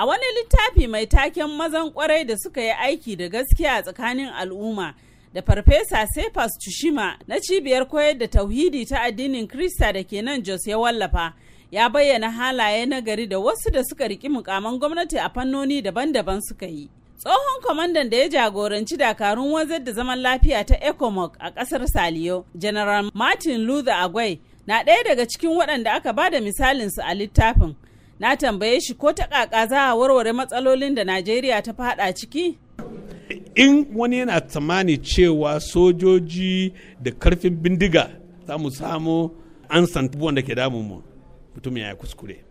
A wani littafi mai taken mazan kwarai da suka yi aiki da gaskiya tsakanin al'umma da farfesa Sefas Tushima na cibiyar koyar da tauhidi ta addinin Krista da ke nan Jos ya wallafa. Ya bayyana halaye na gari da wasu da suka riki mukaman gwamnati a fannoni daban-daban suka yi. Tsohon kwamandan da ya jagoranci dakarun wanzar da zaman lafiya ta ECOMOG a ƙasar Saliyo, General Martin Luther Agwai, na ɗaya daga cikin waɗanda aka ba da misalinsu a littafin. na tambaye shi ko ta kaka za a warware matsalolin da najeriya ta fada ciki in wani yana tsammani cewa sojoji da karfin bindiga za mu samu an santubuwan da ke damun mu mutum ya kuskure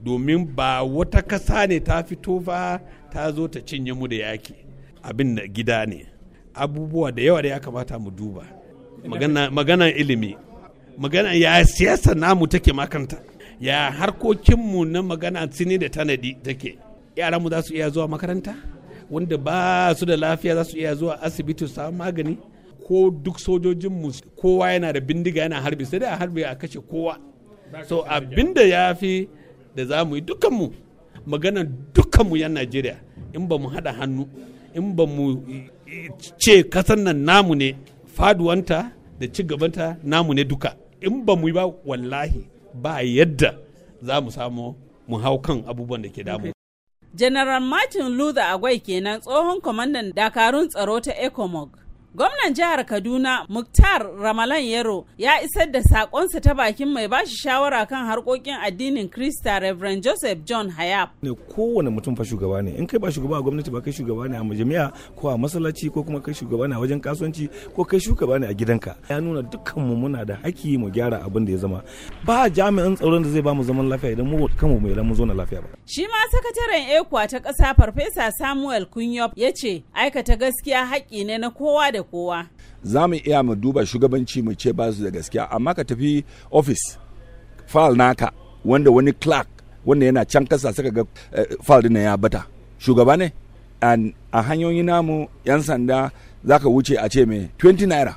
domin ba wata kasa ne ta fito ba ta zo ta cinye mu da yaki abin da gida ne abubuwa da yawa da ya kamata mu duba magana ilimi magana ya siyasa namu take makanta ya harkokinmu na magana tsini da tanadi take yaranmu za su iya zuwa makaranta wanda ba su da lafiya za su iya zuwa asibiti su magani ko duk sojojinmu kowa yana da bindiga yana harbi sai dai a harbi a kashe kowa so abinda ya fi da za mu yi dukkanmu magana dukkanmu yan najeriya in ba mu haɗa hannu in ba mu ce kasan nan namu ne faduwanta da ci gabanta namu ne duka in ba mu yi ba wallahi ba yadda za mu samu mu hau kan abubuwan da ke damu. General Martin Luther Agwai kenan tsohon kwamandan dakarun tsaro ta ECOMOG. Gwamnan jihar Kaduna Muktar Ramalan Yaro ya isar da sakonsa ta bakin mai bashi shawara kan harkokin addinin Krista Reverend Joseph John Hayab. Ne kowane mutum fa shugaba ne. In kai ba shugaba a gwamnati ba kai shugaba ne a majami'a ko a masallaci ko kuma kai shugaba ne a wajen kasuwanci ko kai shugaba ne a gidanka. Ya nuna dukkan mu muna da haƙƙi mu gyara abin da ya zama. Ba jami'an tsaron da zai ba mu zaman lafiya idan mu kanmu mu mu zo na lafiya ba. Shi ma sakataren ekwa ta ƙasa Farfesa Samuel Kunyop ya ce aikata gaskiya haƙƙi ne na kowa da kowa za mu iya mu duba shugabanci mu ce basu da gaskiya amma ka tafi ofis fal naka wanda wani clerk wanda yana can kasa saka ga eh, fal dina ya bata shugaba ne a hanyoyi namu yan sanda zaka wuce a ce mai 20 naira